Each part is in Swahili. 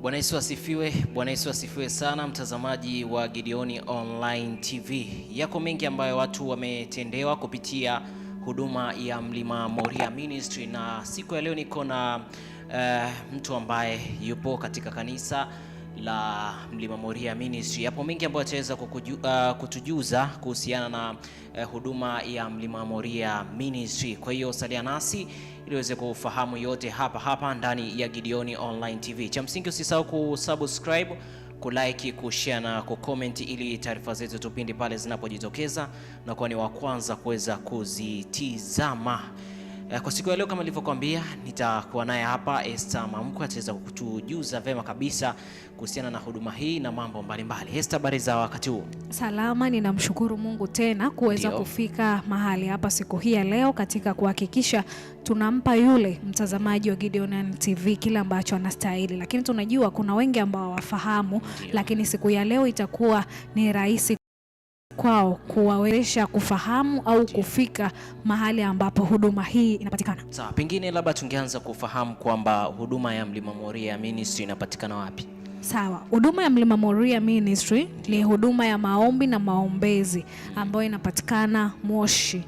Bwana Yesu asifiwe. Bwana Yesu asifiwe sana, mtazamaji wa Gideon Online TV. Yako mengi ambayo watu wametendewa kupitia huduma ya Mlima Moria Ministry, na siku ya leo niko na uh, mtu ambaye yupo katika kanisa la Mlima Moria Ministry. Yapo mengi ambayo ataweza uh, kutujuza kuhusiana na uh, huduma ya Mlima Moria Ministry. Kwa hiyo salia nasi ili uweze kufahamu yote hapa hapa ndani ya Gideon Online TV. Cha msingi usisahau kusubscribe, kulike, kushare na kucomment ili taarifa zetu tupindi pale zinapojitokeza na kuwa ni wa kwanza kuweza kuzitizama. Eh, kwa siku ya leo kama nilivyokuambia, nitakuwa naye hapa Esther Mamko, ataweza kutujuza vema kabisa kuhusiana na huduma hii na mambo mbalimbali. Esther, habari za wakati huu? Salama, ninamshukuru Mungu tena kuweza kufika mahali hapa siku hii ya leo katika kuhakikisha tunampa yule mtazamaji wa Gideon TV kile ambacho anastahili, lakini tunajua kuna wengi ambao hawafahamu, lakini siku ya leo itakuwa ni rahisi kwao kuwawezesha kufahamu au kufika mahali ambapo huduma hii inapatikana. Sawa, pengine labda tungeanza kufahamu kwamba huduma ya Mlima Moria Ministry inapatikana wapi? Sawa, huduma ya Mlima Moria Ministry ni huduma ya maombi na maombezi ambayo inapatikana Moshi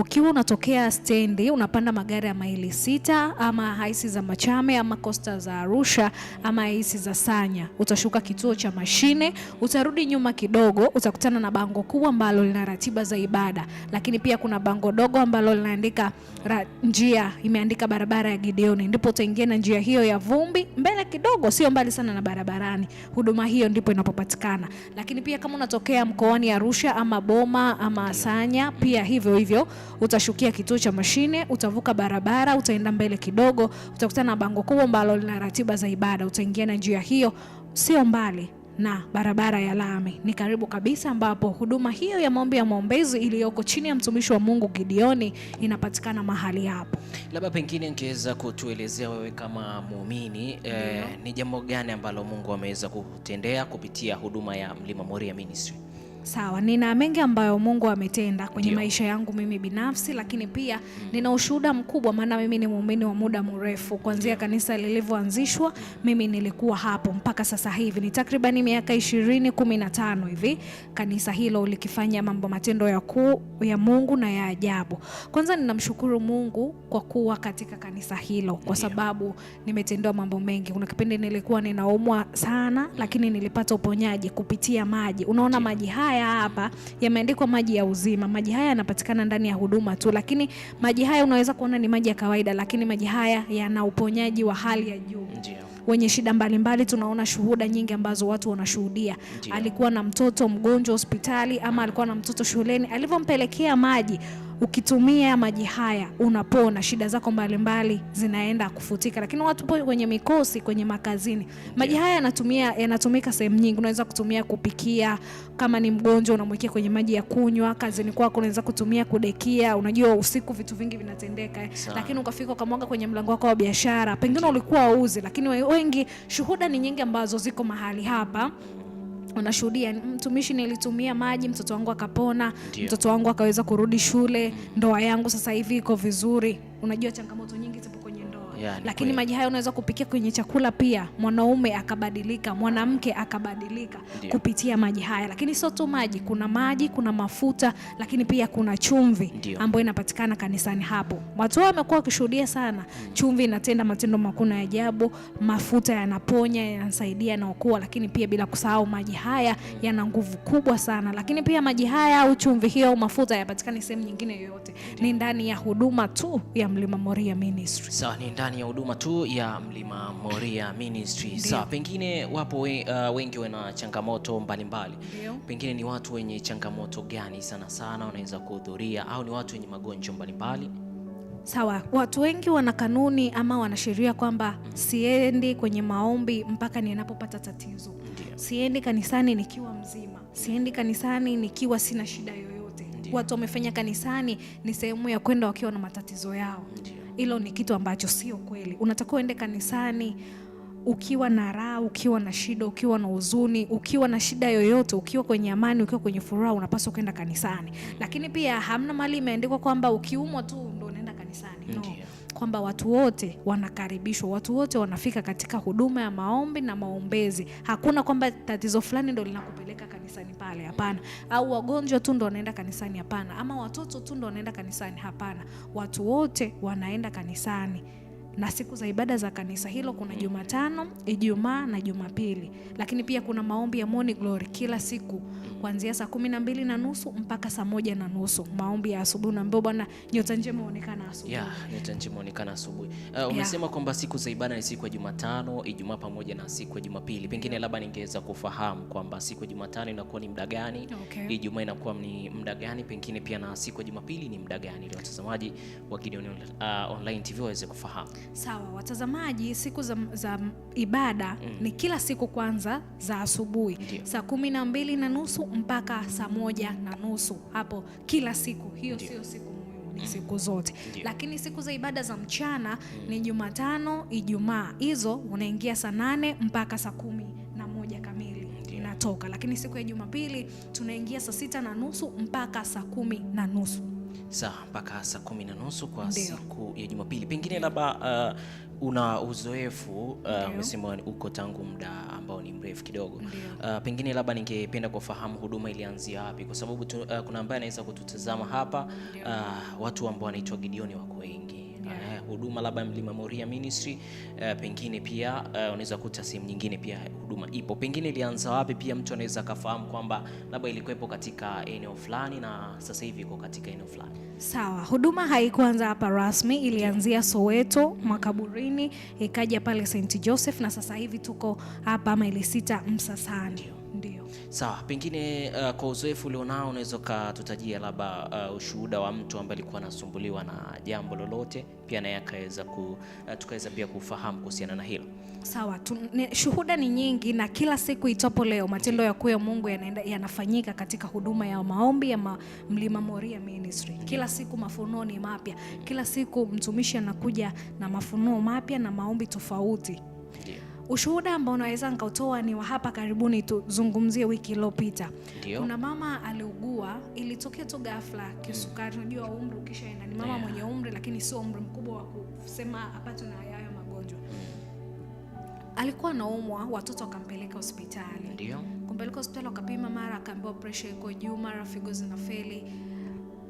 ukiwa unatokea stendi unapanda magari ya maili sita ama haisi za Machame ama kosta za Arusha ama haisi za Sanya, utashuka kituo cha mashine, utarudi nyuma kidogo, utakutana na bango kubwa ambalo lina ratiba za ibada, lakini pia kuna bango dogo ambalo linaandika njia, imeandika barabara ya Gideoni, ndipo utaingia na njia hiyo ya vumbi mbele kidogo, sio mbali sana na barabarani. Huduma hiyo ndipo inapopatikana, lakini pia kama unatokea mkoani Arusha ama Boma ama Sanya, pia hivyo hivyo utashukia kituo cha mashine, utavuka barabara, utaenda mbele kidogo, utakutana na bango kubwa ambalo lina ratiba za ibada. Utaingia na njia hiyo, sio mbali na barabara ya lami, ni karibu kabisa, ambapo huduma hiyo ya maombi ya maombezi iliyoko chini ya mtumishi wa Mungu Gideoni inapatikana mahali hapo. Labda pengine ningeweza kutuelezea wewe kama muumini eh, ni jambo gani ambalo Mungu ameweza kutendea kupitia huduma ya Mlima Moria Ministry? Sawa, nina mengi ambayo Mungu ametenda kwenye Dio. maisha yangu mimi binafsi, lakini pia mm. nina ushuhuda mkubwa, maana mimi ni muumini wa muda mrefu kuanzia kanisa lilivyoanzishwa, mimi nilikuwa hapo mpaka sasa hivi ni takriban miaka ishirini kumi na tano hivi kanisa hilo likifanya mambo matendo ya, ku, ya Mungu na ya ajabu. Kwanza ninamshukuru Mungu kwa kuwa katika kanisa hilo kwa sababu nimetendewa mambo mengi. Kuna kipindi nilikuwa ninaumwa sana, lakini nilipata uponyaji kupitia maji. Unaona maji haya haya hapa yameandikwa maji ya uzima. Maji haya yanapatikana ndani ya huduma tu, lakini maji haya unaweza kuona ni maji ya kawaida, lakini maji haya yana uponyaji wa hali ya juu. Ndio wenye shida mbalimbali tunaona shuhuda nyingi ambazo watu wanashuhudia. Alikuwa na mtoto mgonjwa hospitali, ama alikuwa na mtoto shuleni, alivyompelekea maji ukitumia maji haya unapona, shida zako mbalimbali zinaenda kufutika. Lakini watu kwenye mikosi, kwenye makazini, maji haya yanatumia yanatumika sehemu nyingi. Unaweza kutumia kupikia, kama ni mgonjwa unamwekea kwenye maji ya kunywa. Kazini kwako unaweza kutumia kudekia. Unajua usiku vitu vingi vinatendeka, eh. lakini ukafika ukamwaga kwenye mlango wako wa biashara, pengine ulikuwa auzi lakini wengi, shuhuda ni nyingi ambazo ziko mahali hapa unashuhudia mtumishi, nilitumia maji, mtoto wangu akapona, mtoto wangu akaweza kurudi shule, ndoa yangu sasa hivi iko vizuri. Unajua changamoto nyingi zipo yani, lakini maji hayo unaweza kupikia kwenye chakula pia, mwanaume akabadilika, mwanamke akabadilika Ndiyo. kupitia maji haya. Lakini sio tu maji, kuna maji, kuna mafuta, lakini pia kuna chumvi ambayo inapatikana kanisani hapo. Watu wamekuwa wakishuhudia sana, hmm. chumvi inatenda matendo makuu na ajabu, mafuta yanaponya, yanasaidia, yanaokoa, lakini pia bila kusahau maji haya hmm. yana nguvu kubwa sana. Lakini pia maji haya au chumvi hiyo au mafuta hayapatikani sehemu nyingine yoyote, ni ndani ya huduma tu ya Mlima Moria Ministry. Sawa, ni ndani ndani ya huduma tu ya Mlima Moria Ministry. Sawa, pengine wapo we, uh, wengi wana changamoto mbalimbali mbali. Pengine ni watu wenye changamoto gani sana sana wanaweza kuhudhuria au ni watu wenye magonjwa mbalimbali? Sawa, watu wengi wana kanuni ama wanasheria kwamba Siendi kwenye maombi mpaka ninapopata tatizo. Ndiyo. Siendi kanisani nikiwa mzima, siendi kanisani nikiwa sina shida yoyote. Ndiyo. Watu wamefanya kanisani ni sehemu ya kwenda wakiwa na matatizo yao. Ndiyo hilo ni kitu ambacho sio kweli. Unatakiwa uende kanisani ukiwa na raha, ukiwa na shida, ukiwa na huzuni, ukiwa na shida yoyote, ukiwa kwenye amani, ukiwa kwenye furaha, unapaswa kwenda kanisani. Lakini pia hamna mahali imeandikwa kwamba ukiumwa tu kwamba watu wote wanakaribishwa, watu wote wanafika katika huduma ya maombi na maombezi. Hakuna kwamba tatizo fulani ndo linakupeleka kanisani pale, hapana. Au wagonjwa tu ndo wanaenda kanisani, hapana. Ama watoto tu ndo wanaenda kanisani, hapana. Watu wote wanaenda kanisani na siku za ibada za kanisa hilo kuna Jumatano, Ijumaa na Jumapili, lakini pia kuna maombi ya morning glory kila siku kuanzia saa kumi na mbili na nusu mpaka saa moja na nusu maombi ya asubuhi. Naambiwa bwana, nyota njema huonekana asubuhi. Yeah, nyota njema huonekana asubuhi. Uh, umesema yeah, kwamba siku za ibada ni siku ya Jumatano, Ijumaa pamoja na siku ya Jumapili. Pengine labda ningeweza kufahamu kwamba siku ya Jumatano inakuwa ni muda gani? Okay. Ijumaa inakuwa ni muda gani? Pengine pia na siku ya Jumapili ni muda gani, ili watazamaji wa Gideon uh, Online TV waweze kufahamu. Sawa watazamaji, siku za, za ibada mm. ni kila siku kwanza za asubuhi saa kumi na mbili na nusu mpaka saa moja na nusu hapo kila siku hiyo, sio siku ni mm. siku zote Ndiyo. Lakini siku za ibada za mchana mm. ni Jumatano, Ijumaa, hizo unaingia saa nane mpaka saa kumi na moja kamili inatoka, lakini siku ya Jumapili tunaingia saa sita na nusu mpaka saa kumi na nusu saa mpaka saa kumi na nusu kwa Ndiyo. siku ya Jumapili. Pengine labda uh, una uzoefu uh, umesema uh, uko tangu muda ambao ni mrefu kidogo uh, pengine labda ningependa kufahamu huduma ilianzia wapi, kwa sababu tu, uh, kuna ambaye anaweza kututazama hapa uh, watu ambao wanaitwa Gideon wako wengi yeah. huduma labda Mlima Moria Ministry uh, pengine pia uh, unaweza kuta sehemu nyingine pia huduma ipo, pengine ilianza wapi, pia mtu anaweza akafahamu kwamba labda ilikuwepo katika eneo fulani na sasa hivi iko katika eneo fulani. Sawa, huduma haikuanza hapa rasmi, ilianzia Soweto Makaburini, ikaja pale St Joseph na sasa hivi tuko hapa maili sita Msasani. Ndio. Sawa, pengine uh, kwa uzoefu ulionao unaweza ukatutajia labda uh, ushuhuda wa mtu ambaye alikuwa anasumbuliwa na jambo lolote, pia naye akaweza ku, uh, tukaweza pia kufahamu kuhusiana na hilo. Sawa, shuhuda ni nyingi na kila siku itopo leo matendo ya kuya Mungu yanaenda yanafanyika katika huduma ya maombi ya ma, Mlima Moria Ministry. Kila siku mafunuo ni mapya. Kila siku mtumishi anakuja na mafunuo mapya na maombi tofauti. Ushuhuda ambao unaweza nikautoa ni wa hapa karibuni, tuzungumzie wiki iliyopita. Kuna mama aliugua, ilitokea tu ghafla, kisukari. Unajua umri ukishaenda, ni mama yeah. mwenye umri lakini sio umri mkubwa wa kusema hapatwe na hayo magonjwa. Mm. Alikuwa anaumwa, watoto wakampeleka hospitali. Ndio. Kumpeleka hospitali wakapima, mara akaambiwa pressure iko juu, mara figo zinafeli.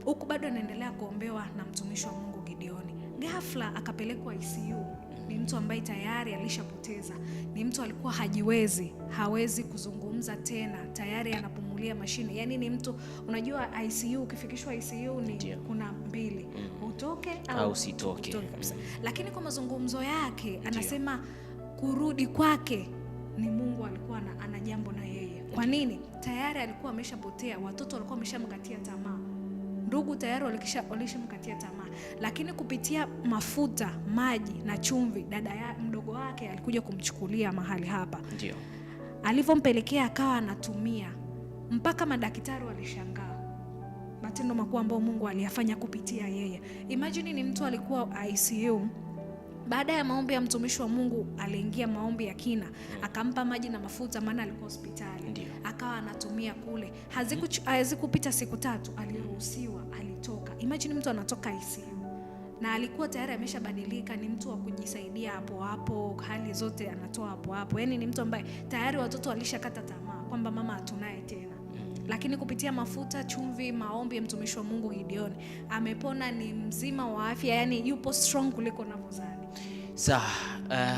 Huku bado anaendelea kuombewa na mtumishi wa Mungu Gideoni. Ghafla akapelekwa ICU ni mtu ambaye tayari alishapoteza, ni mtu alikuwa hajiwezi, hawezi kuzungumza tena, tayari anapumulia mashine. Yaani ni mtu unajua, ICU ukifikishwa ICU ni Ndia. kuna mbili mm. utoke au usitoke mm. lakini kwa mazungumzo yake Ndia. anasema kurudi kwake ni Mungu alikuwa ana jambo na yeye. Kwa nini? Tayari alikuwa ameshapotea, watoto walikuwa wameshamkatia tamaa ndugu tayari walishamkatia tamaa, lakini kupitia mafuta, maji na chumvi, dada ya mdogo wake alikuja kumchukulia mahali hapa, ndio alivyompelekea akawa anatumia mpaka madaktari walishangaa matendo makuu ambayo Mungu aliyafanya kupitia yeye. Imagine ni mtu alikuwa ICU baada ya maombi ya mtumishi wa Mungu aliingia maombi ya kina, akampa maji na mafuta, maana alikuwa hospitali, akawa anatumia kule. Hazikupita siku tatu aliruhusiwa, alitoka. Imagine mtu anatoka ICU na alikuwa tayari ameshabadilika, ni mtu wa kujisaidia hapo hapo, hali zote anatoa hapo hapo, yaani ni mtu ambaye tayari watoto walishakata tamaa kwamba mama hatunaye tena mm. lakini kupitia mafuta, chumvi, maombi ya mtumishi wa Mungu Gideon amepona, ni mzima wa afya, yani yupo strong kuliko unavyozani saa uh, eh,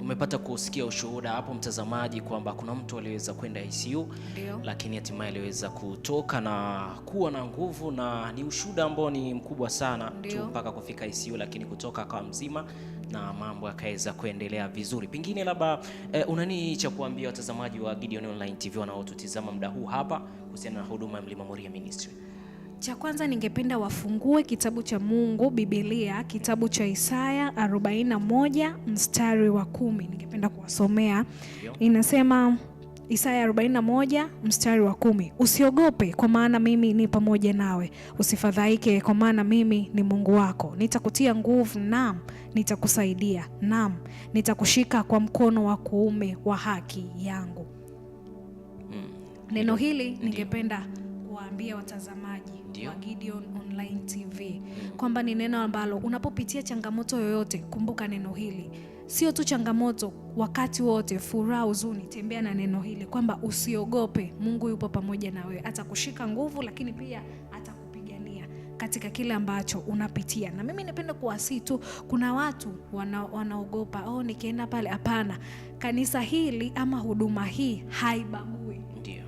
umepata kusikia ushuhuda hapo mtazamaji, kwamba kuna mtu aliweza kwenda ICU Dio, lakini hatimaye aliweza kutoka na kuwa na nguvu, na ni ushuhuda ambao ni mkubwa sana Dio, tu mpaka kufika ICU, lakini kutoka akawa mzima na mambo yakaweza kuendelea vizuri. Pengine labda eh, una nini cha kuambia watazamaji wa Gideon Online TV wanaotutizama muda huu hapa kuhusiana na huduma ya Mlima Moria Ministry? Cha kwanza ningependa wafungue kitabu cha Mungu, Biblia, kitabu cha Isaya 41 mstari wa kumi. Ningependa kuwasomea, inasema Isaya 41 mstari wa kumi, usiogope kwa maana mimi ni pamoja nawe, usifadhaike kwa maana mimi ni Mungu wako, nitakutia nguvu, nam nitakusaidia, nam nitakushika kwa mkono wa kuume wa haki yangu. Mm. Neno hili ningependa kuwaambia watazamaji wa Gideon Online TV kwamba ni neno ambalo unapopitia changamoto yoyote, kumbuka neno hili sio tu changamoto, wakati wote, furaha, huzuni, tembea na neno hili kwamba usiogope, Mungu yupo pamoja na wewe, atakushika nguvu, lakini pia atakupigania katika kile ambacho unapitia. Na mimi nipende kuwasii tu, kuna watu wana, wanaogopa oh, nikienda pale. Hapana, kanisa hili ama huduma hii haiba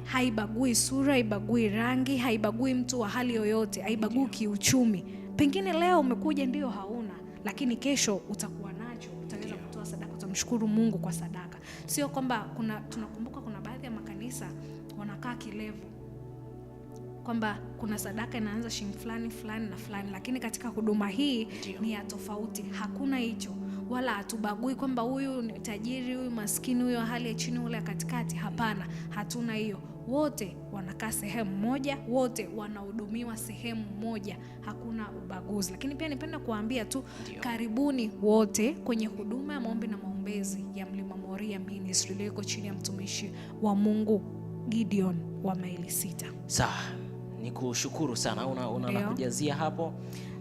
haibagui sura, haibagui rangi, haibagui mtu wa hali yoyote, haibagui kiuchumi. Pengine leo umekuja ndiyo hauna, lakini kesho utakuwa nacho, utaweza kutoa sadaka, utamshukuru Mungu kwa sadaka. Sio kwamba kuna tunakumbuka, kuna baadhi ya makanisa wanakaa kilevu kwamba kuna sadaka inaanza shilingi fulani fulani na fulani, lakini katika huduma hii ni ya tofauti, hakuna hicho wala hatubagui kwamba huyu ni tajiri, huyu maskini, huyu hali ya chini, ule katikati. Hapana, hatuna hiyo. Wote wanakaa sehemu moja, wote wanahudumiwa sehemu moja, hakuna ubaguzi. Lakini pia nipenda kuambia tu Dio. Karibuni wote kwenye huduma ya maombi na maombezi ya Mlima Moria Ministry iliyoko chini ya mtumishi wa Mungu Gideon wa maili sita. Sawa, nikushukuru sana. unakujazia una hapo?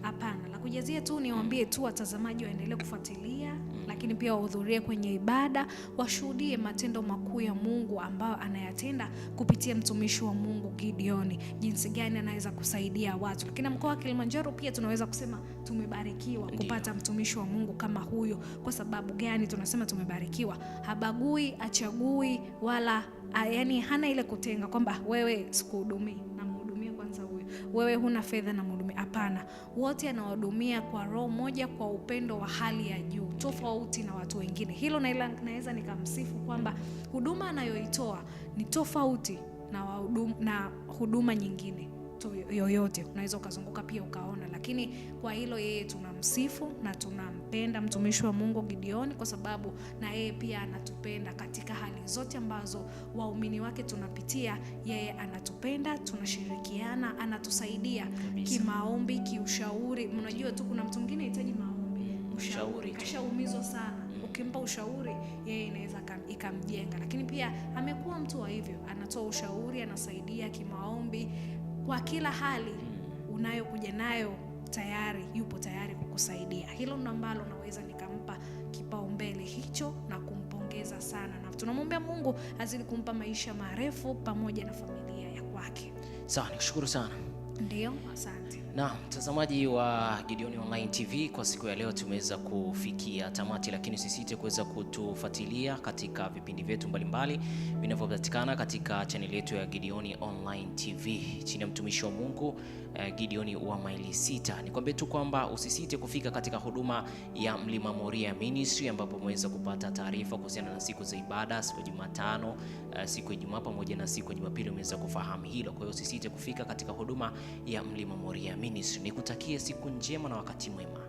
Hapana kujazia tu, niwaambie tu watazamaji waendelee kufuatilia Lakini pia wahudhurie kwenye ibada, washuhudie matendo makuu ya Mungu ambayo anayatenda kupitia mtumishi wa Mungu Gideoni, jinsi gani anaweza kusaidia watu. Lakini mkoa wa Kilimanjaro pia tunaweza kusema tumebarikiwa kupata mtumishi wa Mungu kama huyo. Kwa sababu gani tunasema tumebarikiwa? Habagui, achagui wala a, yani hana ile kutenga kwamba wewe sikuhudumii, namhudumia kwanza huyo, wewe huna fedha na Hapana, wote anawahudumia kwa roho moja, kwa upendo wa hali ya juu, tofauti na watu wengine. Hilo naweza nikamsifu kwamba huduma anayoitoa ni tofauti na, na huduma nyingine ndoto yoyote, unaweza ukazunguka pia ukaona. Lakini kwa hilo yeye tunamsifu na tunampenda mtumishi wa Mungu Gideoni, kwa sababu na yeye pia anatupenda katika hali zote ambazo waumini wake tunapitia. Yeye anatupenda, tunashirikiana, anatusaidia kimaombi, kiushauri. unajua tu kuna mtu mwingine anahitaji maombi, ushauri, kashaumizwa sana mm. ukimpa ushauri yeye inaweza ikamjenga, lakini pia amekuwa mtu wa hivyo, anatoa ushauri, anasaidia kimaombi kwa kila hali unayokuja nayo tayari yupo tayari kukusaidia. Hilo ndo ambalo naweza nikampa kipaumbele hicho na kumpongeza sana, na tunamwombea Mungu azidi kumpa maisha marefu pamoja na familia ya kwake. Sawa, nikushukuru sana. Ndio, asante. Na mtazamaji wa Gideon Online TV, kwa siku ya leo tumeweza kufikia tamati, lakini usisite kuweza kutufuatilia katika vipindi vyetu mbalimbali vinavyopatikana katika chaneli yetu ya Gideon Online TV chini ya mtumishi wa Mungu Eh, Gideon wa maili sita. Nikwambie tu kwamba usisite kufika katika huduma ya Mlima Moria Ministry ambapo umeweza kupata taarifa kuhusiana na siku za ibada, siku ya Jumatano, eh, siku ya Ijumaa pamoja na siku ya Jumapili umeweza kufahamu hilo. Kwa hiyo usisite kufika katika huduma ya Mlima Moria Ministry. Nikutakie siku njema na wakati mwema.